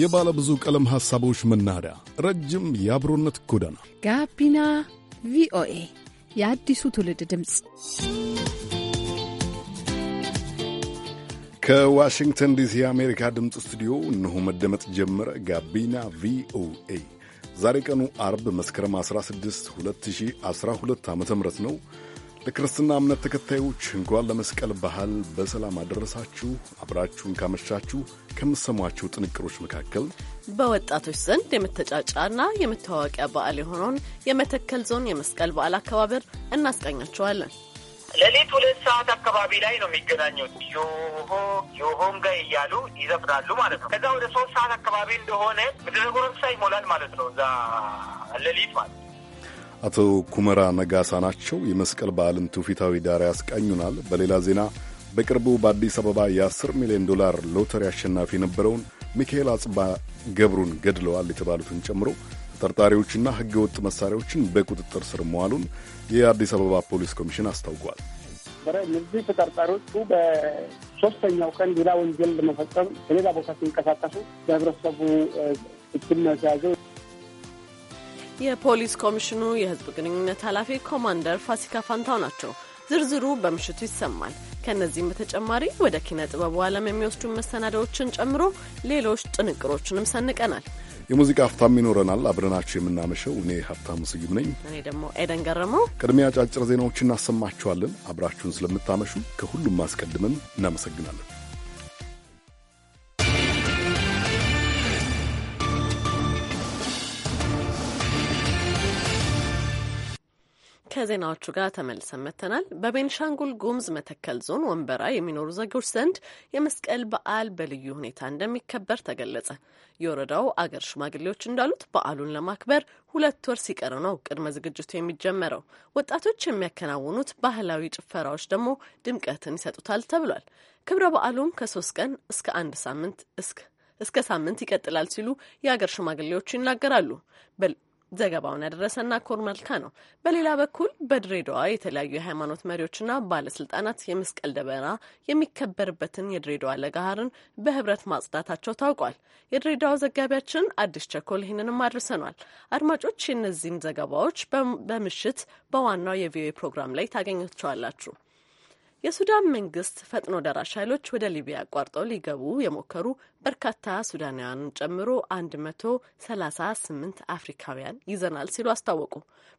የባለ ብዙ ቀለም ሐሳቦች መናኸሪያ፣ ረጅም የአብሮነት ጎዳና፣ ጋቢና ቪኦኤ የአዲሱ ትውልድ ድምፅ ከዋሽንግተን ዲሲ የአሜሪካ ድምፅ ስቱዲዮ እነሆ መደመጥ ጀመረ። ጋቢና ቪኦኤ ዛሬ ቀኑ አርብ መስከረም 16 2012 ዓ ም ነው። ለክርስትና እምነት ተከታዮች እንኳን ለመስቀል ባህል በሰላም አደረሳችሁ። አብራችሁን ካመሻችሁ ከምትሰሟቸው ጥንቅሮች መካከል በወጣቶች ዘንድ የመተጫጫና የመታወቂያ በዓል የሆነውን የመተከል ዞን የመስቀል በዓል አከባበር እናስቃኛችኋለን። ሌሊት ሁለት ሰዓት አካባቢ ላይ ነው የሚገናኙት። ዮሆ ዮሆም ጋ እያሉ ይዘፍራሉ ማለት ነው። ከዛ ወደ ሶስት ሰዓት አካባቢ እንደሆነ ምድረ ጎረምሳ ይሞላል ማለት ነው። እዛ ሌሊት ማለት ነው አቶ ኩመራ ነጋሳ ናቸው። የመስቀል በዓልን ትውፊታዊ ዳራ ያስቃኙናል። በሌላ ዜና በቅርቡ በአዲስ አበባ የ10 ሚሊዮን ዶላር ሎተሪ አሸናፊ የነበረውን ሚካኤል አጽባ ገብሩን ገድለዋል የተባሉትን ጨምሮ ተጠርጣሪዎችና ወጥ መሳሪያዎችን በቁጥጥር ስር መዋሉን የአዲስ አበባ ፖሊስ ኮሚሽን አስታውቋል። እነዚህ ተጠርጣሪዎቹ በሶስተኛው ቀን ሌላ ወንጀል ለመፈጸም በሌላ ቦታ ሲንቀሳቀሱ በህብረተሰቡ እጅ መያዘው የፖሊስ ኮሚሽኑ የህዝብ ግንኙነት ኃላፊ ኮማንደር ፋሲካ ፋንታው ናቸው። ዝርዝሩ በምሽቱ ይሰማል። ከእነዚህም በተጨማሪ ወደ ኪነ ጥበቡ ዓለም የሚወስዱ መሰናዳዎችን ጨምሮ ሌሎች ጥንቅሮችንም ሰንቀናል። የሙዚቃ ሀብታም ይኖረናል። አብረናችሁ የምናመሸው እኔ ሀብታሙ ስዩም ነኝ። እኔ ደግሞ ኤደን ገረመው። ቅድሚያ አጫጭር ዜናዎች እናሰማችኋለን። አብራችሁን ስለምታመሹ ከሁሉም አስቀድመን እናመሰግናለን። ከዜናዎቹ ጋር ተመልሰን መጥተናል። በቤንሻንጉል ጉምዝ መተከል ዞን ወንበራ የሚኖሩ ዜጎች ዘንድ የመስቀል በዓል በልዩ ሁኔታ እንደሚከበር ተገለጸ። የወረዳው አገር ሽማግሌዎች እንዳሉት በዓሉን ለማክበር ሁለት ወር ሲቀር ነው ቅድመ ዝግጅቱ የሚጀመረው። ወጣቶች የሚያከናውኑት ባህላዊ ጭፈራዎች ደግሞ ድምቀትን ይሰጡታል ተብሏል። ክብረ በዓሉም ከሶስት ቀን እስከ አንድ ሳምንት እስከ ሳምንት ይቀጥላል ሲሉ የአገር ሽማግሌዎቹ ይናገራሉ። ዘገባውን ያደረሰና ኮር መልካ ነው። በሌላ በኩል በድሬዳዋ የተለያዩ የሃይማኖት መሪዎችና ባለስልጣናት የመስቀል ደበና የሚከበርበትን የድሬዳዋ ለጋሃርን በህብረት ማጽዳታቸው ታውቋል። የድሬዳዋ ዘጋቢያችን አዲስ ቸኮል ይህንንም አድርሰኗል። አድማጮች የእነዚህን ዘገባዎች በምሽት በዋናው የቪኦኤ ፕሮግራም ላይ ታገኛቸዋላችሁ የሱዳን መንግስት ፈጥኖ ደራሽ ኃይሎች ወደ ሊቢያ አቋርጠው ሊገቡ የሞከሩ በርካታ ሱዳናውያንን ጨምሮ አንድ መቶ ሰላሳ ስምንት አፍሪካውያን ይዘናል ሲሉ አስታወቁ።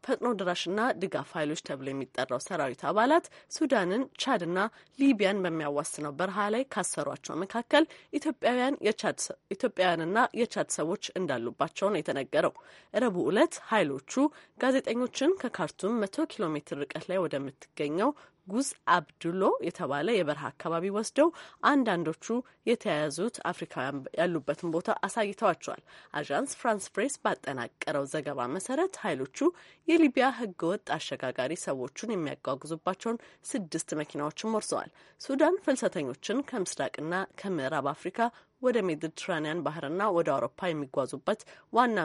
ፈጥኖ ደራሽና ድጋፍ ኃይሎች ተብሎ የሚጠራው ሰራዊት አባላት ሱዳንን፣ ቻድና ሊቢያን በሚያዋስነው በረሃ ላይ ካሰሯቸው መካከል ኢትዮጵያውያንና የቻድ ሰዎች እንዳሉባቸው ነው የተነገረው። ረቡዕ ዕለት ኃይሎቹ ጋዜጠኞችን ከካርቱም መቶ ኪሎ ሜትር ርቀት ላይ ወደምትገኘው ጉዝ አብዱሎ የተባለ የበረሃ አካባቢ ወስደው አንዳንዶቹ የተያያዙት አፍሪካውያን ያሉበትን ቦታ አሳይተዋቸዋል። አዣንስ ፍራንስ ፕሬስ ባጠናቀረው ዘገባ መሰረት ኃይሎቹ የሊቢያ ወጥ አሸጋጋሪ ሰዎቹን የሚያጓጉዙባቸውን ስድስት መኪናዎችን ወርሰዋል። ሱዳን ፍልሰተኞችን ከምስራቅና ከምዕራብ አፍሪካ ወደ ሜዲትራኒያን ባህርና ወደ አውሮፓ የሚጓዙበት ዋና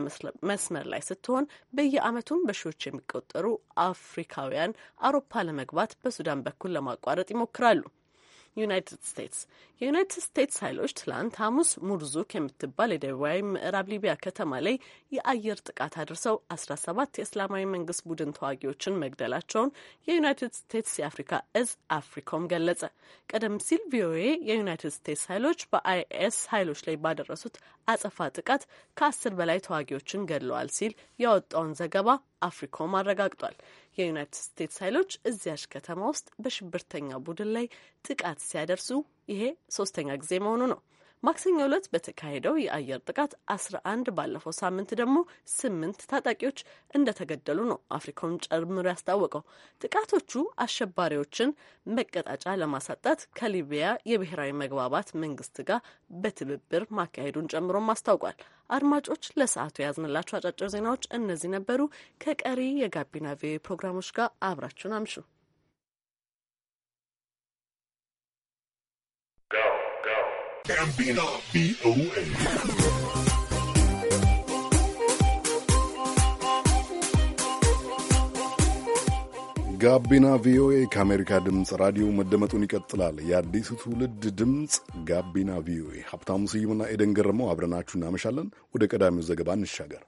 መስመር ላይ ስትሆን በየዓመቱም በሺዎች የሚቆጠሩ አፍሪካውያን አውሮፓ ለመግባት በሱዳን በኩል ለማቋረጥ ይሞክራሉ። ዩናይትድ ስቴትስ የዩናይትድ ስቴትስ ኃይሎች ትላንት ሐሙስ ሙርዙክ የምትባል የደቡባዊ ምዕራብ ሊቢያ ከተማ ላይ የአየር ጥቃት አድርሰው አስራ ሰባት የእስላማዊ መንግስት ቡድን ተዋጊዎችን መግደላቸውን የዩናይትድ ስቴትስ የአፍሪካ እዝ አፍሪኮም ገለጸ። ቀደም ሲል ቪኦኤ የዩናይትድ ስቴትስ ኃይሎች በአይኤስ ኃይሎች ላይ ባደረሱት አጸፋ ጥቃት ከአስር በላይ ተዋጊዎችን ገድለዋል ሲል ያወጣውን ዘገባ አፍሪኮም አረጋግጧል። የዩናይትድ ስቴትስ ኃይሎች እዚያች ከተማ ውስጥ በሽብርተኛ ቡድን ላይ ጥቃት ሲያደርሱ ይሄ ሶስተኛ ጊዜ መሆኑ ነው። ማክሰኞ ዕለት በተካሄደው የአየር ጥቃት አስራ አንድ ባለፈው ሳምንት ደግሞ ስምንት ታጣቂዎች እንደተገደሉ ነው አፍሪካውን ጨምሮ ያስታወቀው። ጥቃቶቹ አሸባሪዎችን መቀጣጫ ለማሳጣት ከሊቢያ የብሔራዊ መግባባት መንግስት ጋር በትብብር ማካሄዱን ጨምሮም አስታውቋል። አድማጮች ለሰዓቱ የያዝንላቸው አጫጭር ዜናዎች እነዚህ ነበሩ። ከቀሪ የጋቢና ቪኦኤ ፕሮግራሞች ጋር አብራችሁን አምሹ። ጋቢና ቪኦኤ ጋቢና ቪኦኤ ከአሜሪካ ድምፅ ራዲዮ መደመጡን ይቀጥላል። የአዲሱ ትውልድ ድምፅ ጋቢና ቪኦኤ። ሀብታሙ ስዩምና ኤደን ገረመው አብረናችሁ እናመሻለን። ወደ ቀዳሚው ዘገባ እንሻገር።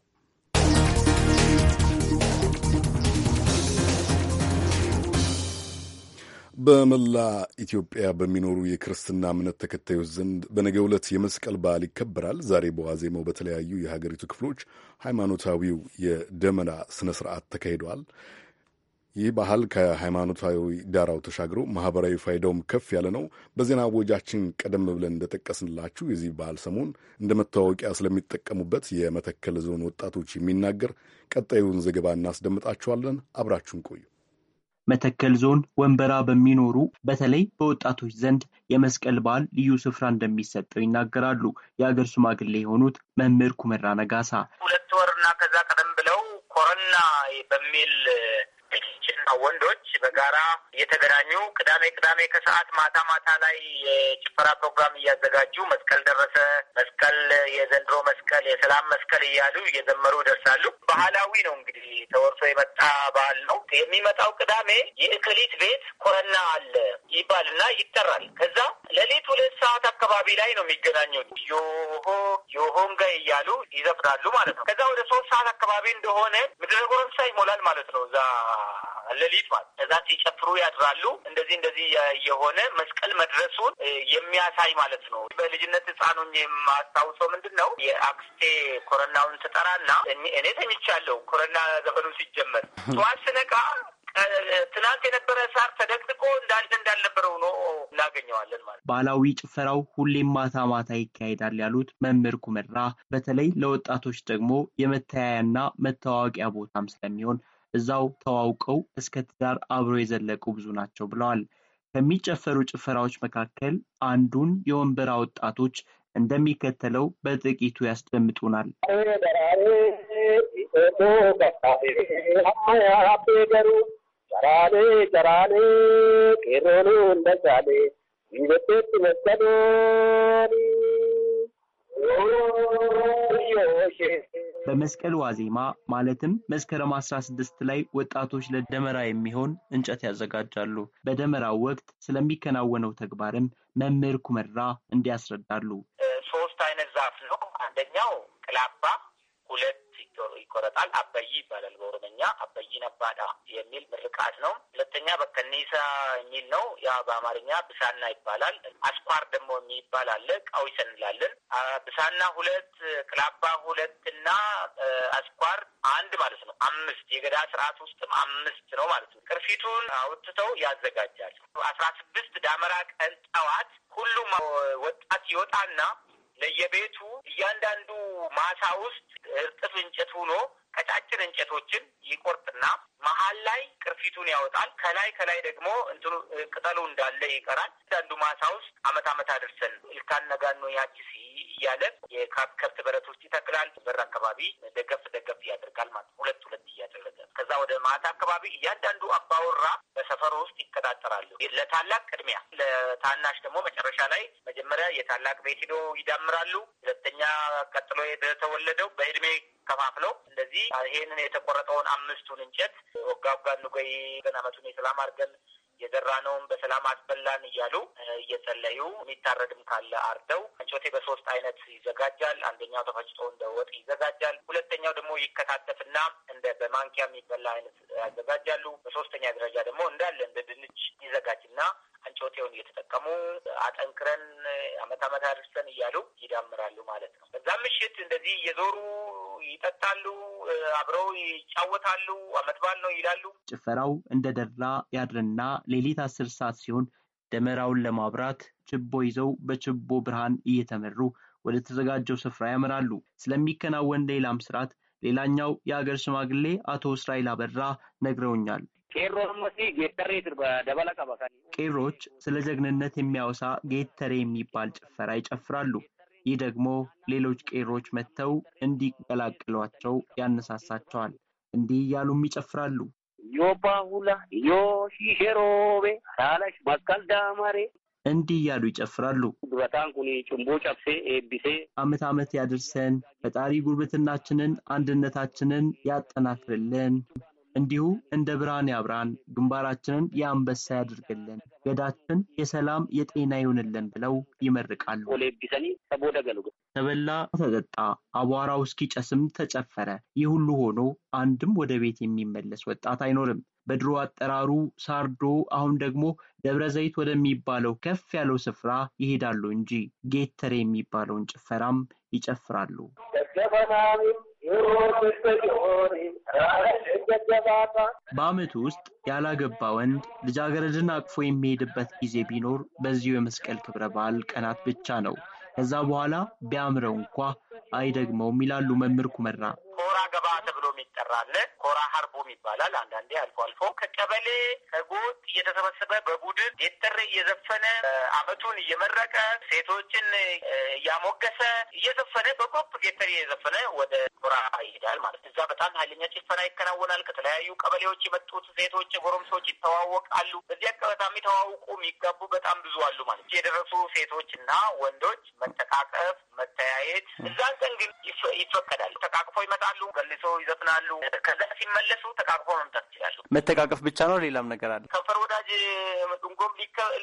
በመላ ኢትዮጵያ በሚኖሩ የክርስትና እምነት ተከታዮች ዘንድ በነገ ዕለት የመስቀል በዓል ይከበራል። ዛሬ በዋዜማው በተለያዩ የሀገሪቱ ክፍሎች ሃይማኖታዊው የደመራ ስነ ስርዓት ተካሂደዋል። ይህ ባህል ከሃይማኖታዊ ዳራው ተሻግሮ ማህበራዊ ፋይዳውም ከፍ ያለ ነው። በዜና ወጃችን ቀደም ብለን እንደጠቀስንላችሁ የዚህ ባህል ሰሞን እንደ መታወቂያ ስለሚጠቀሙበት የመተከል ዞን ወጣቶች የሚናገር ቀጣዩን ዘገባ እናስደምጣችኋለን። አብራችሁን ቆዩ። መተከል ዞን ወንበራ በሚኖሩ በተለይ በወጣቶች ዘንድ የመስቀል በዓል ልዩ ስፍራ እንደሚሰጠው ይናገራሉ። የአገር ሽማግሌ የሆኑት መምህር ኩመራ ነጋሳ ሁለት ወርና ከዛ ቀደም ብለው ኮረና በሚል ሴቶችና ወንዶች በጋራ እየተገናኙ ቅዳሜ ቅዳሜ ከሰዓት ማታ ማታ ላይ የጭፈራ ፕሮግራም እያዘጋጁ መስቀል ደረሰ፣ መስቀል፣ የዘንድሮ መስቀል፣ የሰላም መስቀል እያሉ እየዘመሩ ይደርሳሉ። ባህላዊ ነው እንግዲህ ተወርሶ የመጣ ባህል ነው። የሚመጣው ቅዳሜ የእክሊት ቤት ኮረና አለ ይባልና ይጠራል። ከዛ ሌሊት ሁለት ሰዓት አካባቢ ላይ ነው የሚገናኙት። ዮሆ ዮሆንገ እያሉ ይዘፍናሉ ማለት ነው። ከዛ ወደ ሶስት ሰዓት አካባቢ እንደሆነ ምድረ ጎረምሳ ይሞላል ማለት ነው እዛ ሌሊት ማለት ከዛ ሲጨፍሩ ያድራሉ። እንደዚህ እንደዚህ የሆነ መስቀል መድረሱን የሚያሳይ ማለት ነው። በልጅነት ህፃኑ የማስታውሰው ምንድን ነው የአክስቴ ኮረናውን ትጠራና እኔ ተኝቻለሁ። ኮረና ዘፈኑ ሲጀመር ጠዋት ስነቃ ትናንት የነበረ ሳር ተደቅድቆ እንዳለ እንዳልነበረው ነው እናገኘዋለን ማለት። ባህላዊ ጭፈራው ሁሌም ማታ ማታ ይካሄዳል ያሉት መምህር ኩመራ፣ በተለይ ለወጣቶች ደግሞ የመተያያና መታወቂያ ቦታም ስለሚሆን እዛው ተዋውቀው እስከ ትዳር አብረው የዘለቁ ብዙ ናቸው ብለዋል። ከሚጨፈሩ ጭፈራዎች መካከል አንዱን የወንበራ ወጣቶች እንደሚከተለው በጥቂቱ ያስደምጡናል። በመስቀል ዋዜማ ማለትም መስከረም አስራ ስድስት ላይ ወጣቶች ለደመራ የሚሆን እንጨት ያዘጋጃሉ። በደመራው ወቅት ስለሚከናወነው ተግባርም መምህር ኩመራ እንዲያስረዳሉ። ሶስት አይነት ዛፍ ነው። አንደኛው ቅላባ፣ ሁለት ይቆረጣል። አበይ ይባላል በኦሮምኛ አበይ ነባዳ የሚል ምርቃት ነው። ሁለተኛ በከኒሳ የሚል ነው። ያ በአማርኛ ብሳና ይባላል። አስኳር ደግሞ የሚባል አለ። ቀዊስ እንላለን። ብሳና ሁለት ክላባ ሁለት እና አስኳር አንድ ማለት ነው። አምስት የገዳ ስርዓት ውስጥም አምስት ነው ማለት ነው። ቅርፊቱን አውጥተው ያዘጋጃል። አስራ ስድስት ዳመራ ቀን ጠዋት ሁሉም ወጣት ይወጣና ለየቤቱ እያንዳንዱ ማሳ ውስጥ እርጥብ እንጨት ሆኖ ቀጫጭን እንጨቶችን ይቆርጥና መሀል ላይ ቅርፊቱን ያወጣል። ከላይ ከላይ ደግሞ እንትኑ ቅጠሉ እንዳለ ይቀራል። አንዳንዱ ማሳ ውስጥ አመት አመት አድርሰን ልካን ነጋኖ ያችስ እያለ የከብት በረት ውስጥ ይተክላል። በር አካባቢ ደገፍ ደገፍ እያደርጋል ማለት ሁለት ሁለት እያደረገ ከዛ ወደ ማታ አካባቢ እያንዳንዱ አባወራ በሰፈሩ ውስጥ ይቀጣጠራሉ። ለታላቅ ቅድሚያ፣ ለታናሽ ደግሞ መጨረሻ ላይ መጀመሪያ የታላቅ ቤት ሄዶ ይዳምራሉ። ሁለተኛ ቀጥሎ የተወለደው በእድሜ ከፋፍለው እንደዚህ ይሄንን የተቆረጠውን አምስቱን እንጨት ወጋብ ጋር ንቆይ ገና የሰላም አድርገን የዘራ ነውን በሰላም አስበላን እያሉ እየጸለዩ የሚታረድም ካለ አርደው አንጮቴ በሶስት አይነት ይዘጋጃል። አንደኛው ተፈጭቶ እንደ ወጥ ይዘጋጃል። ሁለተኛው ደግሞ ይከታተፍና እንደ በማንኪያ የሚበላ አይነት ያዘጋጃሉ። በሶስተኛ ደረጃ ደግሞ እንዳለ እንደ ድንች ይዘጋጅና አንጮቴውን እየተጠቀሙ አጠንክረን አመት አመት አድርሰን እያሉ ይዳምራሉ ማለት ነው። በዛ ምሽት እንደዚህ እየዞሩ ይጠጣሉ፣ አብረው ይጫወታሉ፣ አመት በዓል ነው ይላሉ። ጭፈራው እንደ ደራ ያድርና ሌሊት አስር ሰዓት ሲሆን ደመራውን ለማብራት ችቦ ይዘው በችቦ ብርሃን እየተመሩ ወደ ተዘጋጀው ስፍራ ያመራሉ። ስለሚከናወን ሌላም ስርዓት ሌላኛው የሀገር ሽማግሌ አቶ እስራኤል አበራ ነግረውኛል። ቄሮች ስለ ጀግንነት የሚያወሳ ጌተሬ የሚባል ጭፈራ ይጨፍራሉ። ይህ ደግሞ ሌሎች ቄሮች መጥተው እንዲቀላቅሏቸው ያነሳሳቸዋል። እንዲህ እያሉም ይጨፍራሉ። ዮባሁላ ዮሺሼሮቤ ራለሽ እንዲህ እያሉ ይጨፍራሉ። ኩኒ ጭንቦ ጨብሴ ኤቢሴ አመት አመት ያድርሰን። ፈጣሪ ጉርብትናችንን፣ አንድነታችንን ያጠናክርልን። እንዲሁ እንደ ብርሃን ያብራን፣ ግንባራችንን የአንበሳ ያድርግልን፣ ገዳችን የሰላም የጤና ይሁንልን ብለው ይመርቃሉ። ተበላ፣ ተጠጣ፣ አቧራው እስኪጨስም ተጨፈረ። ይህ ሁሉ ሆኖ አንድም ወደ ቤት የሚመለስ ወጣት አይኖርም። በድሮ አጠራሩ ሳርዶ አሁን ደግሞ ደብረ ዘይት ወደሚባለው ከፍ ያለው ስፍራ ይሄዳሉ እንጂ ጌተር የሚባለውን ጭፈራም ይጨፍራሉ። በዓመቱ ውስጥ ያላገባ ወንድ ልጃገረድን አቅፎ የሚሄድበት ጊዜ ቢኖር በዚሁ የመስቀል ክብረ በዓል ቀናት ብቻ ነው። ከዛ በኋላ ቢያምረው እንኳ አይደግመውም ይላሉ መምህር ኩመራ። ኮራ ገባ ተብሎ የሚጠራለ ኮራ ሀርቡም ይባላል። አንዳንዴ አልፎ አልፎ ከቀበሌ ከጎጥ እየተሰበሰበ በቡድን የጠረ እየዘፈነ አመቱን እየመረቀ ሴቶችን እያሞገሰ እየዘፈነ በቆፕ ጌተር እየዘፈነ ወደ ኮራ ይሄዳል ማለት እዛ በጣም ኃይለኛ ጭፈና ይከናወናል። ከተለያዩ ቀበሌዎች የመጡት ሴቶች ጎረምሶች ይተዋወቃሉ። በዚህ አቀበጣሚ ተዋውቁ የሚጋቡ በጣም ብዙ አሉ ማለት የደረሱ ሴቶች እና ወንዶች መተቃቀፍ፣ መተያየት እዛን ቀን ግን ይፈቀዳል። ተቃቅፎ ይመጣሉ ገልጾ ይዘፍናሉ። ከዛ ሲመለሱ ተቃቅፎ መምጣት ይችላሉ። መተቃቀፍ ብቻ ነው፣ ሌላም ነገር አለ። ከንፈር ወዳጅ ድንጎም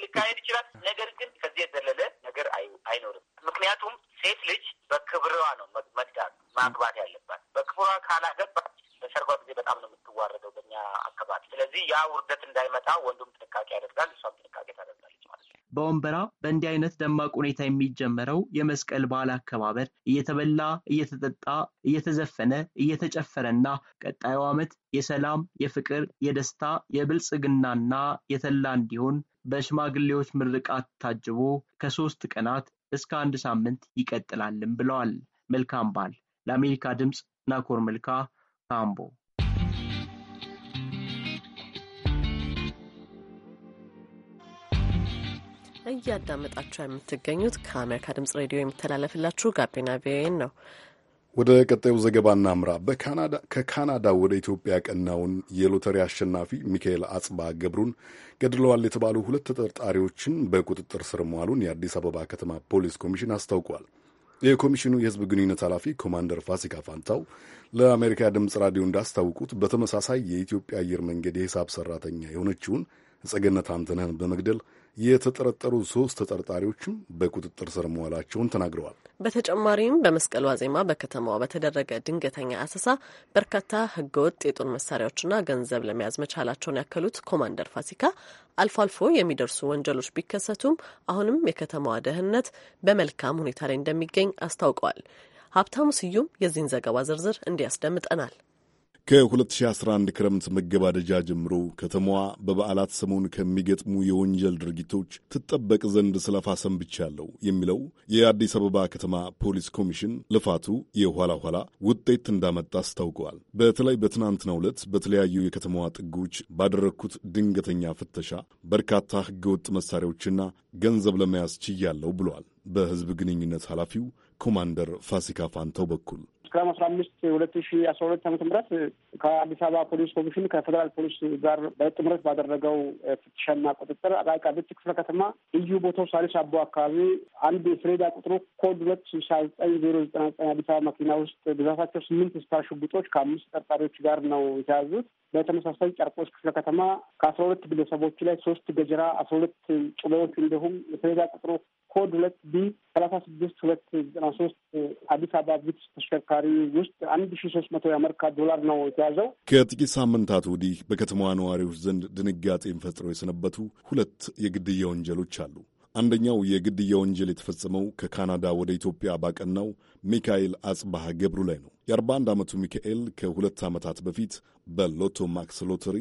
ሊካሄድ ይችላል። ነገር ግን ከዚህ የዘለለ ነገር አይኖርም። ምክንያቱም ሴት ልጅ በክብርዋ ነው መዳት ማግባት ያለባት። በክብሯ ካላገባች በሰርጓ ጊዜ በጣም ነው የምትዋረደው በኛ አካባቢ። ስለዚህ ያ ውርደት እንዳይመጣ ወንዱም ጥንቃቄ ያደርጋል፣ እሷም ጥንቃቄ ታደርጋለች ማለት ነው። በወንበራ በእንዲህ አይነት ደማቅ ሁኔታ የሚጀመረው የመስቀል በዓል አከባበር እየተበላ፣ እየተጠጣ፣ እየተዘፈነ፣ እየተጨፈረና ቀጣዩ ዓመት የሰላም፣ የፍቅር፣ የደስታ፣ የብልጽግናና የተላ እንዲሆን በሽማግሌዎች ምርቃት ታጅቦ ከሶስት ቀናት እስከ አንድ ሳምንት ይቀጥላልም ብለዋል። መልካም በዓል። ለአሜሪካ ድምፅ ናኮር መልካ ካምቦ እያዳመጣችሁ የምትገኙት ከአሜሪካ ድምጽ ሬዲዮ የሚተላለፍላችሁ ጋቢና ቪኦኤ ነው። ወደ ቀጣዩ ዘገባ እናምራ። ከካናዳ ወደ ኢትዮጵያ ቀናውን የሎተሪ አሸናፊ ሚካኤል አጽባ ገብሩን ገድለዋል የተባሉ ሁለት ተጠርጣሪዎችን በቁጥጥር ስር መዋሉን የአዲስ አበባ ከተማ ፖሊስ ኮሚሽን አስታውቋል። የኮሚሽኑ የሕዝብ ግንኙነት ኃላፊ ኮማንደር ፋሲካ ፋንታው ለአሜሪካ ድምፅ ራዲዮ እንዳስታውቁት በተመሳሳይ የኢትዮጵያ አየር መንገድ የሂሳብ ሰራተኛ የሆነችውን ጸገነት አንተነህን በመግደል የተጠረጠሩ ሶስት ተጠርጣሪዎችም በቁጥጥር ስር መዋላቸውን ተናግረዋል። በተጨማሪም በመስቀል ዋዜማ በከተማዋ በተደረገ ድንገተኛ አሰሳ በርካታ ህገወጥ የጦር መሳሪያዎችና ገንዘብ ለመያዝ መቻላቸውን ያከሉት ኮማንደር ፋሲካ አልፎ አልፎ የሚደርሱ ወንጀሎች ቢከሰቱም አሁንም የከተማዋ ደህንነት በመልካም ሁኔታ ላይ እንደሚገኝ አስታውቀዋል። ሀብታሙ ስዩም የዚህን ዘገባ ዝርዝር እንዲያስደምጠናል። ከ2011 ክረምት መገባደጃ ጀምሮ ከተማዋ በበዓላት ሰሞን ከሚገጥሙ የወንጀል ድርጊቶች ትጠበቅ ዘንድ ስለፋሰን ብቻለሁ የሚለው የአዲስ አበባ ከተማ ፖሊስ ኮሚሽን ልፋቱ የኋላ ኋላ ውጤት እንዳመጣ አስታውቀዋል። በተለይ በትናንትናው ዕለት በተለያዩ የከተማዋ ጥጎች ባደረግኩት ድንገተኛ ፍተሻ በርካታ ህገወጥ መሳሪያዎችና ገንዘብ ለመያዝ ችያለሁ ብለዋል። በህዝብ ግንኙነት ኃላፊው ኮማንደር ፋሲካ ፋንተው በኩል መስከረም አስራ አምስት ሁለት ሺ አስራ ሁለት ዓመተ ምህረት ከአዲስ አበባ ፖሊስ ኮሚሽን ከፌዴራል ፖሊስ ጋር በጥምረት ባደረገው ፍትሻና ቁጥጥር አቃቂ ቃሊቲ ክፍለ ከተማ ልዩ ቦታው ሳሊስ አቦ አካባቢ አንድ የሰሌዳ ቁጥሩ ኮድ ሁለት ስልሳ ዘጠኝ ዜሮ ዘጠና ዘጠኝ አዲስ አበባ መኪና ውስጥ ብዛታቸው ስምንት ስታር ሽጉጦች ከአምስት ተጠርጣሪዎች ጋር ነው የተያዙት። በተመሳሳይ ጨርቆስ ክፍለ ከተማ ከአስራ ሁለት ግለሰቦች ላይ ሶስት ገጀራ አስራ ሁለት ጩቤዎች እንዲሁም የሰሌዳ ቁጥሩ ኮድ ሁለት ቢ ሰላሳ ስድስት ሁለት ዘጠና ሶስት አዲስ አበባ ቪትስ ተሽከርካሪ ውስጥ አንድ ሺ ሶስት መቶ የአሜሪካ ዶላር ነው የተያዘው። ከጥቂት ሳምንታት ወዲህ በከተማዋ ነዋሪዎች ዘንድ ድንጋጤን ፈጥረው የሰነበቱ ሁለት የግድያ ወንጀሎች አሉ። አንደኛው የግድያ ወንጀል የተፈጸመው ከካናዳ ወደ ኢትዮጵያ ባቀናው ሚካኤል አጽባሃ ገብሩ ላይ ነው። የ41 ዓመቱ ሚካኤል ከሁለት ዓመታት በፊት በሎቶ ማክስ ሎተሪ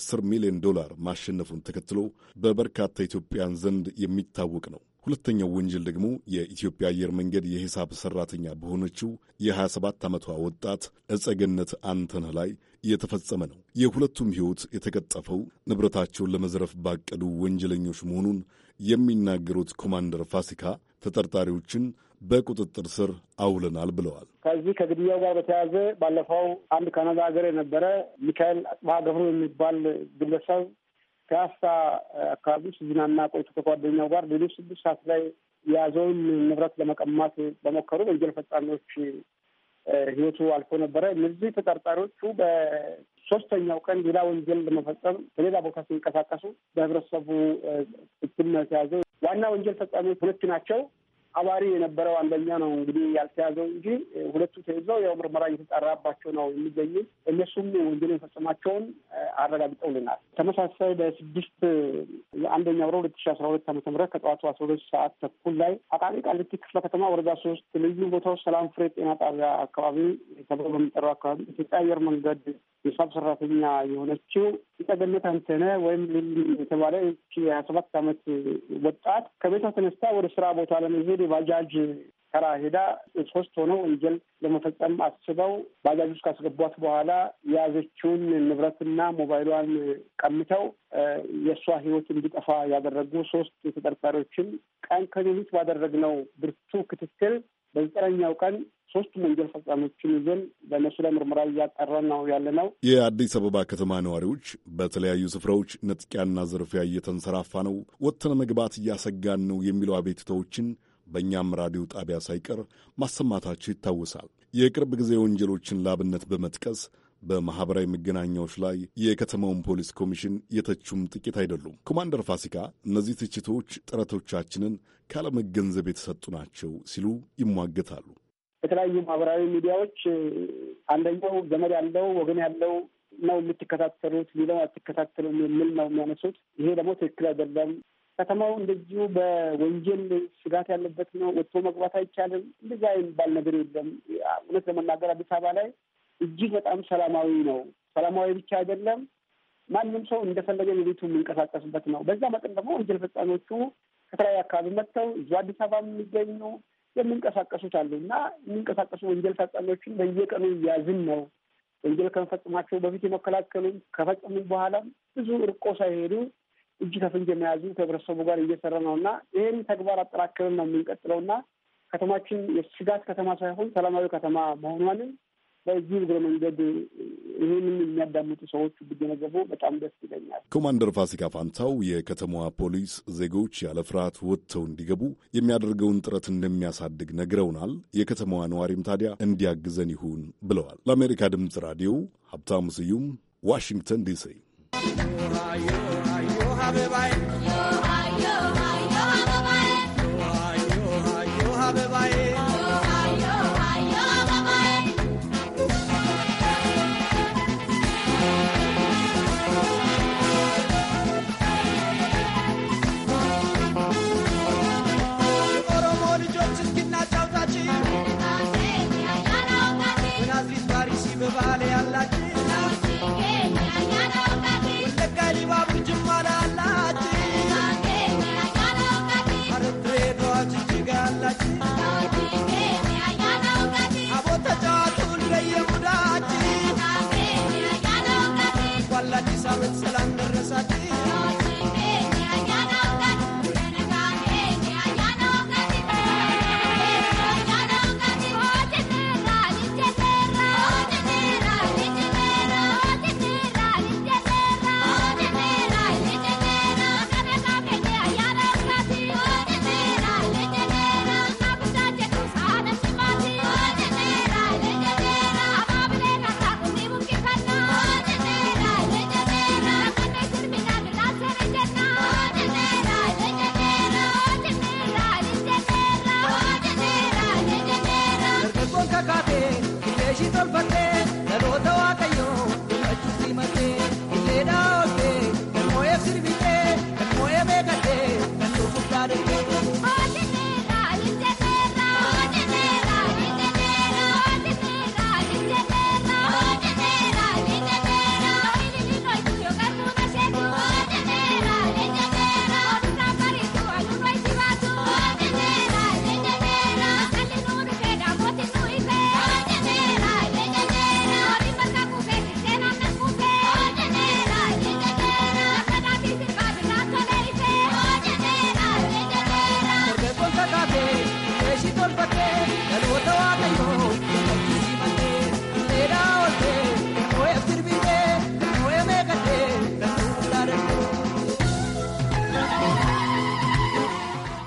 10 ሚሊዮን ዶላር ማሸነፉን ተከትሎ በበርካታ ኢትዮጵያን ዘንድ የሚታወቅ ነው። ሁለተኛው ወንጀል ደግሞ የኢትዮጵያ አየር መንገድ የሂሳብ ሰራተኛ በሆነችው የ27 ዓመቷ ወጣት እጸገነት አንተነህ ላይ እየተፈጸመ ነው። የሁለቱም ሕይወት የተቀጠፈው ንብረታቸውን ለመዝረፍ ባቀዱ ወንጀለኞች መሆኑን የሚናገሩት ኮማንደር ፋሲካ ተጠርጣሪዎችን በቁጥጥር ስር አውለናል ብለዋል። ከዚህ ከግድያው ጋር በተያያዘ ባለፈው አንድ ካናዳ ሀገር የነበረ ሚካኤል አጽባ ገብሩ የሚባል ግለሰብ ፒያሳ አካባቢ ውስጥ ዝናና ቆይቶ ከጓደኛው ጋር ሌሎች ስድስት ሰዓት ላይ የያዘውን ንብረት ለመቀማት በሞከሩ ወንጀል ፈጻሚዎች ህይወቱ አልፎ ነበረ። እነዚህ ተጠርጣሪዎቹ በሶስተኛው ቀን ሌላ ወንጀል ለመፈጸም በሌላ ቦታ ሲንቀሳቀሱ በህብረተሰቡ እትም ተያዘው። ዋና ወንጀል ፈጻሚዎች ሁለት ናቸው። አባሪ የነበረው አንደኛ ነው እንግዲህ ያልተያዘው እንጂ ሁለቱ ተይዘው ያው ምርመራ እየተጣራባቸው ነው የሚገኙ። እነሱም ወንጀል የፈጸማቸውን አረጋግጠውልናል። ተመሳሳይ በስድስት የአንደኛ ወረ ሁለት ሺ አስራ ሁለት ዓመተ ምህረት ከጠዋቱ አስራ ሁለት ሰዓት ተኩል ላይ አቃቂ ቃሊቲ ክፍለ ከተማ ወረዳ ሶስት ልዩ ቦታው ሰላም ፍሬ ጤና ጣቢያ አካባቢ ተብሎ በሚጠራው አካባቢ ኢትዮጵያ አየር መንገድ የሂሳብ ሰራተኛ የሆነችው ጸገነት አንተነ ወይም የተባለ የሀያ ሰባት ዓመት ወጣት ከቤቷ ተነስታ ወደ ስራ ቦታ ለመሄድ የባጃጅ ተራ ሄዳ ሶስት ሆነው ወንጀል ለመፈጸም አስበው ባጃጅ ውስጥ ካስገቧት በኋላ የያዘችውን ንብረትና ሞባይሏን ቀምተው የእሷ ህይወት እንዲጠፋ ያደረጉ ሶስት ተጠርጣሪዎችን ቀን ከሌሊት ባደረግነው ብርቱ ክትትል በዘጠነኛው ቀን ሶስት ወንጀል ፈጻሚዎችን ይዘን በእነሱ ላይ ምርመራ እያጠራን ነው ያለ ነው። የአዲስ አበባ ከተማ ነዋሪዎች በተለያዩ ስፍራዎች ነጥቂያና ዝርፊያ እየተንሰራፋ ነው፣ ወጥተን መግባት እያሰጋን ነው የሚለው አቤቱታዎችን በእኛም ራዲዮ ጣቢያ ሳይቀር ማሰማታቸው ይታወሳል። የቅርብ ጊዜ ወንጀሎችን ላብነት በመጥቀስ በማህበራዊ መገናኛዎች ላይ የከተማውን ፖሊስ ኮሚሽን የተቹም ጥቂት አይደሉም። ኮማንደር ፋሲካ እነዚህ ትችቶች ጥረቶቻችንን ካለመገንዘብ የተሰጡ ናቸው ሲሉ ይሟገታሉ። የተለያዩ ማህበራዊ ሚዲያዎች አንደኛው ዘመድ ያለው ወገን ያለው ነው የምትከታተሉት፣ ሌላው አትከታተሉም የሚል ነው የሚያነሱት። ይሄ ደግሞ ትክክል አይደለም። ከተማው እንደዚሁ በወንጀል ስጋት ያለበት ነው። ወጥቶ መግባት አይቻልም። እንደዚ የሚባል ነገር የለም። እውነት ለመናገር አዲስ አበባ ላይ እጅግ በጣም ሰላማዊ ነው። ሰላማዊ ብቻ አይደለም፣ ማንም ሰው እንደፈለገ ቤቱ የሚንቀሳቀስበት ነው። በዛ መጠን ደግሞ ወንጀል ፈጻሚዎቹ ከተለያዩ አካባቢ መጥተው እዚሁ አዲስ አበባ የሚገኙ የሚንቀሳቀሱት አሉ እና የሚንቀሳቀሱ ወንጀል ፈጻሚዎችን በየቀኑ እያዝን ነው። ወንጀል ከመፈጽማቸው በፊት የመከላከሉም ከፈጸሙ በኋላም ብዙ እርቆ ሳይሄዱ እጅ ከፍንጅ የመያዙ ከህብረተሰቡ ጋር እየሰራ ነው እና ይህን ተግባር አጠራክርን ነው የምንቀጥለው እና ከተማችን የስጋት ከተማ ሳይሆን ሰላማዊ ከተማ መሆኗንም በዚህ እግረ መንገድ ይህንን የሚያዳምጡ ሰዎች ብገነዘቡ በጣም ደስ ይለኛል። ኮማንደር ፋሲካ ፋንታው የከተማዋ ፖሊስ ዜጎች ያለ ፍርሃት ወጥተው እንዲገቡ የሚያደርገውን ጥረት እንደሚያሳድግ ነግረውናል። የከተማዋ ነዋሪም ታዲያ እንዲያግዘን ይሁን ብለዋል። ለአሜሪካ ድምፅ ራዲዮ ሀብታሙ ስዩም ዋሽንግተን ዲሲ።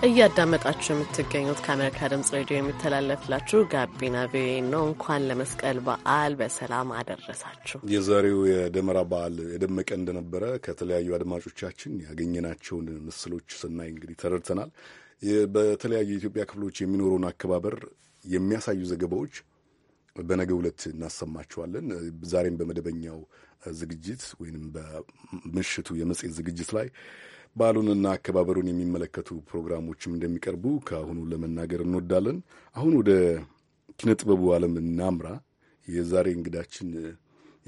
እያዳመጣችሁ የምትገኙት ከአሜሪካ ድምጽ ሬዲዮ የሚተላለፍላችሁ ጋቢና ቪኦኤ ነው። እንኳን ለመስቀል በዓል በሰላም አደረሳችሁ። የዛሬው የደመራ በዓል የደመቀ እንደነበረ ከተለያዩ አድማጮቻችን ያገኘናቸውን ምስሎች ስናይ እንግዲህ ተረድተናል። በተለያዩ የኢትዮጵያ ክፍሎች የሚኖረውን አከባበር የሚያሳዩ ዘገባዎች በነገ ዕለት እናሰማችኋለን። ዛሬም በመደበኛው ዝግጅት ወይም በምሽቱ የመጽሔት ዝግጅት ላይ በዓሉንና አከባበሩን የሚመለከቱ ፕሮግራሞችም እንደሚቀርቡ ከአሁኑ ለመናገር እንወዳለን። አሁን ወደ ኪነጥበቡ ዓለም እናምራ። የዛሬ እንግዳችን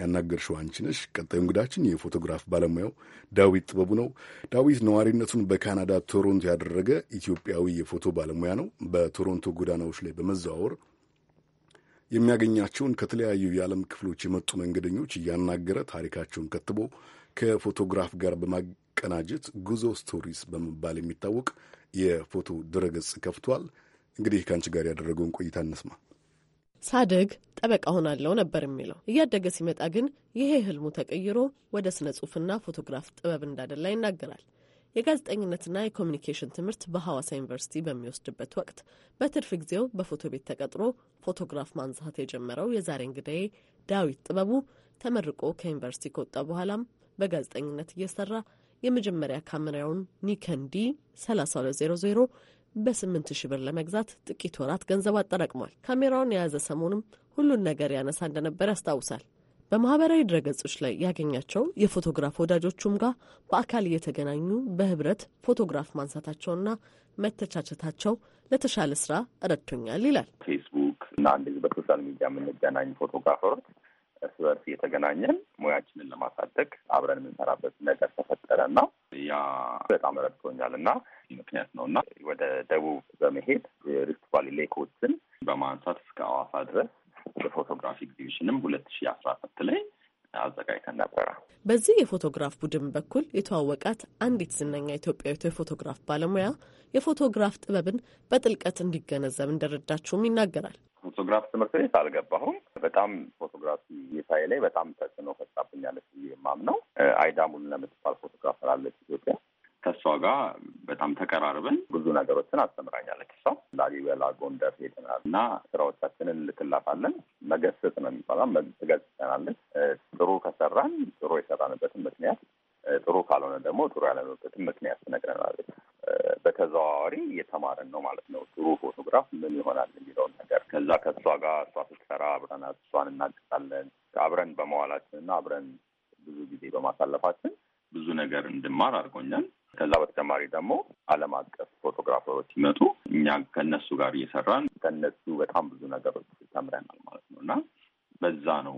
ያናገርሽው አንቺ ነሽ። ቀጣዩ እንግዳችን የፎቶግራፍ ባለሙያው ዳዊት ጥበቡ ነው። ዳዊት ነዋሪነቱን በካናዳ ቶሮንቶ ያደረገ ኢትዮጵያዊ የፎቶ ባለሙያ ነው። በቶሮንቶ ጎዳናዎች ላይ በመዘዋወር የሚያገኛቸውን ከተለያዩ የዓለም ክፍሎች የመጡ መንገደኞች እያናገረ ታሪካቸውን ከትቦ ከፎቶግራፍ ጋር በማቀናጀት ጉዞ ስቶሪስ በመባል የሚታወቅ የፎቶ ድረገጽ ከፍቷል። እንግዲህ ከአንቺ ጋር ያደረገውን ቆይታ እንስማ። ሳድግ ጠበቃ ሆናለው ነበር የሚለው። እያደገ ሲመጣ ግን ይሄ ህልሙ ተቀይሮ ወደ ስነ ጽሁፍና ፎቶግራፍ ጥበብ እንዳደላ ይናገራል። የጋዜጠኝነትና የኮሚኒኬሽን ትምህርት በሐዋሳ ዩኒቨርሲቲ በሚወስድበት ወቅት በትርፍ ጊዜው በፎቶ ቤት ተቀጥሮ ፎቶግራፍ ማንሳት የጀመረው የዛሬ እንግዳዬ ዳዊት ጥበቡ ተመርቆ ከዩኒቨርሲቲ ከወጣ በኋላም በጋዜጠኝነት እየሰራ የመጀመሪያ ካሜራውን ኒከን ዲ 3200 በ8 ሺ ብር ለመግዛት ጥቂት ወራት ገንዘብ አጠራቅሟል። ካሜራውን የያዘ ሰሞኑም ሁሉን ነገር ያነሳ እንደነበር ያስታውሳል። በማህበራዊ ድረገጾች ላይ ያገኛቸው የፎቶግራፍ ወዳጆቹም ጋር በአካል እየተገናኙ በህብረት ፎቶግራፍ ማንሳታቸውና መተቻቸታቸው ለተሻለ ስራ ረድቶኛል ይላል። ፌስቡክ እና እንደዚህ በሶሻል ሚዲያ የምንገናኝ ፎቶግራፈሮች እርስ በርስ እየተገናኘን ሙያችንን ለማሳደግ አብረን የምንሰራበት ነገር ተፈጠረ እና ያ በጣም ረድቶኛል እና ምክንያት ነው እና ወደ ደቡብ በመሄድ ሪፍት ቫሊ ሌኮችን በማንሳት እስከ አዋሳ ድረስ የፎቶግራፊ ኤግዚቢሽንም ሁለት ሺ አስራ አራት ላይ አዘጋጅተን ነበረ። በዚህ የፎቶግራፍ ቡድን በኩል የተዋወቃት አንዲት ዝነኛ ኢትዮጵያዊት የፎቶግራፍ ባለሙያ የፎቶግራፍ ጥበብን በጥልቀት እንዲገነዘብ እንደረዳችውም ይናገራል። ፎቶግራፍ ትምህርት ቤት አልገባሁም። በጣም ፎቶግራፊ የሳይ ላይ በጣም ተጽዕኖ ፈጣብኛለች ብዬ የማምነው አይዳ ሙሉ ለምትባል ፎቶግራፈር አለች ኢትዮጵያ። ከእሷ ጋር በጣም ተቀራርበን ብዙ ነገሮችን አስተምራኛለች። እሷ ላሊበላ፣ ጎንደር ሄደናል እና ስራዎቻችንን እንልክላታለን። መገሰጽ ነው የሚባለው፣ ትገጽተናለች። ጥሩ ከሰራን ጥሩ የሰራንበትን ምክንያት ጥሩ ካልሆነ ደግሞ ጥሩ ያልሆነበትን ምክንያት ትነግረናል። በተዘዋዋሪ እየተማርን ነው ማለት ነው። ጥሩ ፎቶግራፍ ምን ይሆናል የሚለውን ነገር ከዛ ከእሷ ጋር እሷ ስትሰራ አብረን እሷን እናግጣለን። አብረን በመዋላችን እና አብረን ብዙ ጊዜ በማሳለፋችን ብዙ ነገር እንድማር አድርጎኛል። ከዛ በተጨማሪ ደግሞ ዓለም አቀፍ ፎቶግራፈሮች ሲመጡ እኛ ከነሱ ጋር እየሰራን ከነሱ በጣም ብዙ ነገሮች ተምረናል ማለት ነው እና በዛ ነው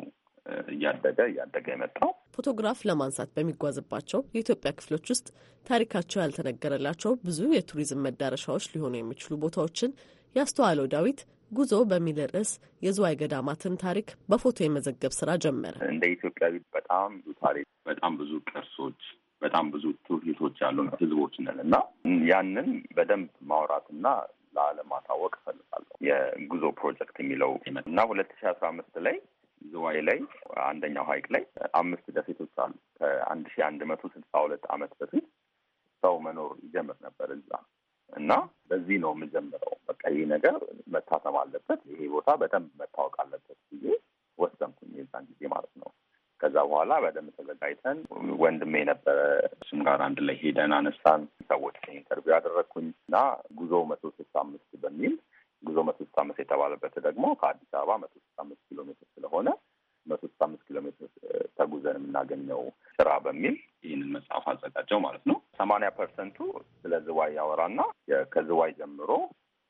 እያደገ እያደገ የመጣው ፎቶግራፍ ለማንሳት በሚጓዝባቸው የኢትዮጵያ ክፍሎች ውስጥ ታሪካቸው ያልተነገረላቸው ብዙ የቱሪዝም መዳረሻዎች ሊሆኑ የሚችሉ ቦታዎችን ያስተዋለው ዳዊት ጉዞ በሚል ርዕስ የዝዋይ ገዳማትን ታሪክ በፎቶ የመዘገብ ስራ ጀመረ። እንደ ኢትዮጵያዊ በጣም ብዙ ታሪክ፣ በጣም ብዙ ቅርሶች፣ በጣም ብዙ ትውፊቶች ያሉ ህዝቦች ነን እና ያንን በደንብ ማውራትና ለዓለም ማሳወቅ እፈልጋለሁ። የጉዞ ፕሮጀክት የሚለው እና ሁለት ሺ አስራ አምስት ላይ ዝዋይ ላይ አንደኛው ሀይቅ ላይ አምስት ደሴቶች አሉ። ከአንድ ሺ አንድ መቶ ስልሳ ሁለት ዓመት በፊት ሰው መኖር ይጀምር ነበር እዛ እና በዚህ ነው የምጀምረው። በቃ ይህ ነገር መታተም አለበት፣ ይሄ ቦታ በደንብ መታወቅ አለበት ጊዜ ወሰንኩኝ የዛን ጊዜ ማለት ነው። ከዛ በኋላ በደንብ ተዘጋጅተን ወንድሜ የነበረ እሱም ጋር አንድ ላይ ሄደን አነሳን። ሰዎች ኢንተርቪው ያደረግኩኝ እና ጉዞ መቶ ስልሳ አምስት በሚል ጉዞ መቶ ስልሳ አምስት የተባለበት ደግሞ ከአዲስ አበባ መቶ የምናገኘው ስራ በሚል ይህንን መጽሐፍ አዘጋጀው ማለት ነው። ሰማንያ ፐርሰንቱ ስለ ዝዋይ ያወራና ከዝዋይ ጀምሮ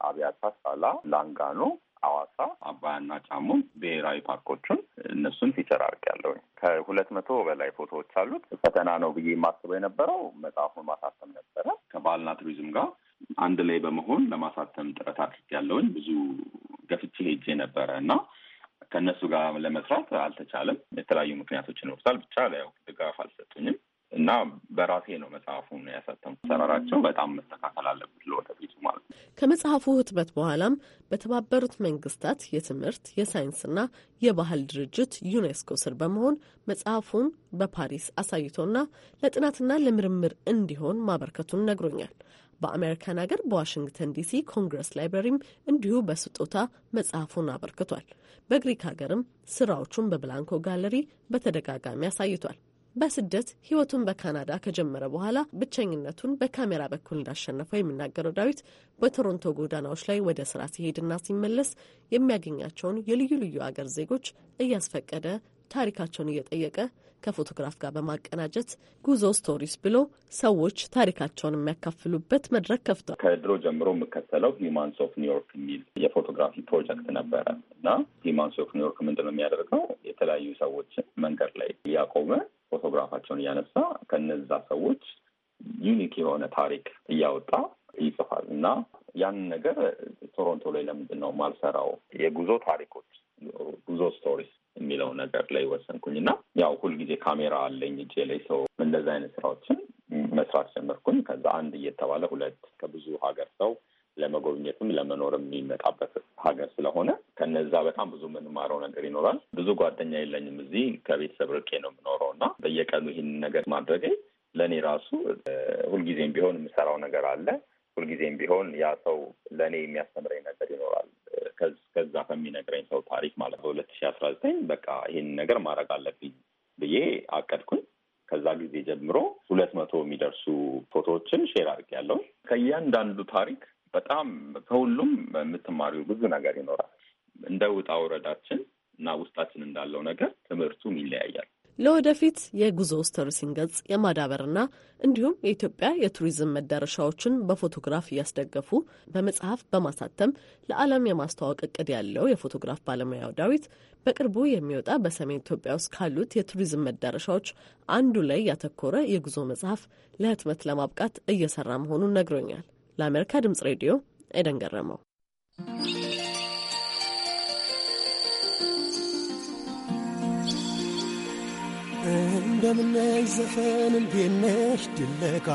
አብያታ፣ ሳላ፣ ላንጋኖ፣ አዋሳ፣ አባያና ጫሙን ብሔራዊ ፓርኮቹን እነሱን ፊቸር ያለው ከሁለት መቶ በላይ ፎቶዎች አሉት። ፈተና ነው ብዬ የማስበው የነበረው መጽሐፉን ማሳተም ነበረ። ከባህልና ቱሪዝም ጋር አንድ ላይ በመሆን ለማሳተም ጥረት ያለውኝ ብዙ ገፍቼ ሄጄ ነበረ እና ከእነሱ ጋር ለመስራት አልተቻለም። የተለያዩ ምክንያቶች ይኖርታል። ብቻ ያው ድጋፍ አልሰጡኝም እና በራሴ ነው መጽሐፉን ያሳተሙ። ሰራራቸው በጣም መስተካከል አለበት ለወደፊቱ ማለት ነው። ከመጽሐፉ ህትመት በኋላም በተባበሩት መንግስታት የትምህርት የሳይንስና የባህል ድርጅት ዩኔስኮ ስር በመሆን መጽሐፉን በፓሪስ አሳይቶና ለጥናትና ለምርምር እንዲሆን ማበርከቱን ነግሮኛል። በአሜሪካን ሀገር በዋሽንግተን ዲሲ ኮንግረስ ላይብረሪም እንዲሁ በስጦታ መጽሐፉን አበርክቷል። በግሪክ ሀገርም ስራዎቹን በብላንኮ ጋለሪ በተደጋጋሚ አሳይቷል። በስደት ህይወቱን በካናዳ ከጀመረ በኋላ ብቸኝነቱን በካሜራ በኩል እንዳሸነፈው የሚናገረው ዳዊት በቶሮንቶ ጎዳናዎች ላይ ወደ ስራ ሲሄድና ሲመለስ የሚያገኛቸውን የልዩ ልዩ አገር ዜጎች እያስፈቀደ ታሪካቸውን እየጠየቀ ከፎቶግራፍ ጋር በማቀናጀት ጉዞ ስቶሪስ ብሎ ሰዎች ታሪካቸውን የሚያካፍሉበት መድረክ ከፍቷል። ከድሮ ጀምሮ የምከተለው ሂማንስ ኦፍ ኒውዮርክ የሚል የፎቶግራፊ ፕሮጀክት ነበረ እና ሂማንስ ኦፍ ኒውዮርክ ምንድነው የሚያደርገው የተለያዩ ሰዎችን መንገድ ላይ እያቆመ ፎቶግራፋቸውን እያነሳ ከነዛ ሰዎች ዩኒክ የሆነ ታሪክ እያወጣ ይጽፋል እና ያንን ነገር ቶሮንቶ ላይ ለምንድን ነው ማልሰራው? የጉዞ ታሪኮች ጉዞ ስቶሪስ የሚለው ነገር ላይ ወሰንኩኝ እና ያው ሁልጊዜ ካሜራ አለኝ እጄ ላይ ሰው እንደዛ አይነት ስራዎችን መስራት ጀመርኩኝ። ከዛ አንድ እየተባለ ሁለት ከብዙ ሀገር ሰው ለመጎብኘትም ለመኖርም የሚመጣበት ሀገር ስለሆነ ከነዛ በጣም ብዙ የምንማረው ነገር ይኖራል። ብዙ ጓደኛ የለኝም እዚህ ከቤተሰብ ርቄ ነው የምኖረው እና በየቀኑ ይህን ነገር ማድረገኝ ለእኔ ራሱ ሁልጊዜም ቢሆን የምሰራው ነገር አለ። ሁልጊዜም ቢሆን ያ ሰው ለእኔ የሚያስተምረኝ ከዛ ከሚነግረኝ ሰው ታሪክ ማለት በሁለት ሺ አስራ ዘጠኝ በቃ ይህን ነገር ማድረግ አለብኝ ብዬ አቀድኩኝ። ከዛ ጊዜ ጀምሮ ሁለት መቶ የሚደርሱ ፎቶዎችን ሼር አድርጌያለሁ። ከእያንዳንዱ ታሪክ በጣም ከሁሉም የምትማሪው ብዙ ነገር ይኖራል። እንደ ውጣ ውረዳችን እና ውስጣችን እንዳለው ነገር ትምህርቱም ይለያያል። ለወደፊት የጉዞ ስተርሲን ገጽ የማዳበርና እንዲሁም የኢትዮጵያ የቱሪዝም መዳረሻዎችን በፎቶግራፍ እያስደገፉ በመጽሐፍ በማሳተም ለዓለም የማስተዋወቅ እቅድ ያለው የፎቶግራፍ ባለሙያው ዳዊት በቅርቡ የሚወጣ በሰሜን ኢትዮጵያ ውስጥ ካሉት የቱሪዝም መዳረሻዎች አንዱ ላይ ያተኮረ የጉዞ መጽሐፍ ለህትመት ለማብቃት እየሰራ መሆኑን ነግሮኛል። ለአሜሪካ ድምጽ ሬዲዮ ኤደን ገረመው። እንደምነሽ ዘፈን እንዴነሽ ድለቃ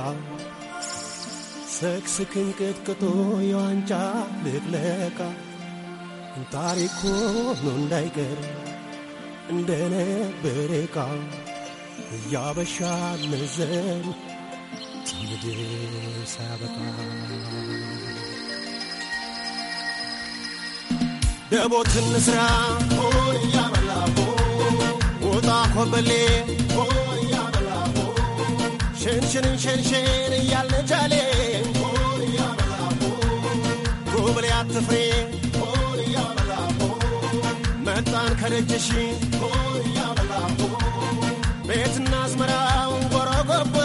ሰክስክኝ ቅጥቅጦ የዋንጫ ልቅለቃ ታሪክ ሆኖ እንዳይቀር እንደነበረ ዕቃ እያበሻ መዘሩ ትምድር ሳያበቃ ደቦትን ስራ ሆን እያበላ ውጣ ኮበሌ ሸንሽን ሸንሽን እያልነቻሌ ጎበሌ አትፍሬ መጣን ከደጅሽ ቤትና አስመራውን ጎረጎባ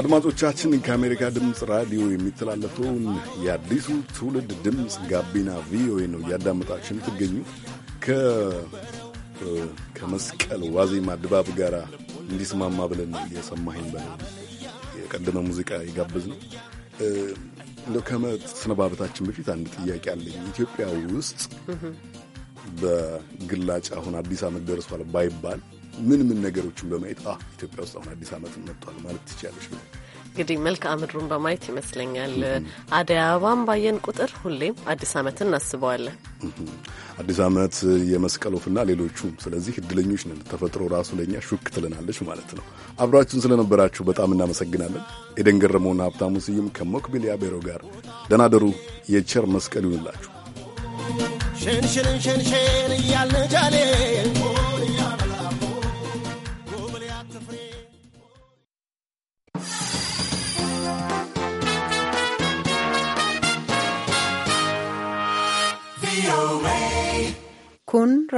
አድማጮቻችን ከአሜሪካ ድምፅ ራዲዮ የሚተላለፈውን የአዲሱ ትውልድ ድምፅ ጋቢና ቪኦኤ ነው እያዳመጣችሁ የምትገኙ። ከመስቀል ዋዜማ ድባብ ጋር እንዲስማማ ብለን እየሰማኝ በ የቀደመ ሙዚቃ የጋበዝ ነው። ከመሰነባበታችን በፊት አንድ ጥያቄ አለኝ። ኢትዮጵያ ውስጥ በግላጭ አሁን አዲስ ዓመት ደርሷል ባይባል ምን ምን ነገሮችን በማየት ኢትዮጵያ ውስጥ አሁን አዲስ ዓመት መጥቷል ማለት ትችላለች። እንግዲህ መልክዓ ምድሩን በማየት ይመስለኛል። አደይ አበባን ባየን ቁጥር ሁሌም አዲስ ዓመትን እናስበዋለን። አዲስ ዓመት የመስቀል ወፍና ሌሎቹም። ስለዚህ እድለኞች ነን። ተፈጥሮ ራሱ ለእኛ ሹክ ትለናለች ማለት ነው። አብራችሁን ስለነበራችሁ በጣም እናመሰግናለን። ኤደን ገረመውና ሀብታሙ ስዩም ከሞክቢሊያ ቤሮ ጋር ደናደሩ። የቸር መስቀል ይሁንላችሁ። ሽንሽንን ሽንሽን እያልን ጃኔ Kun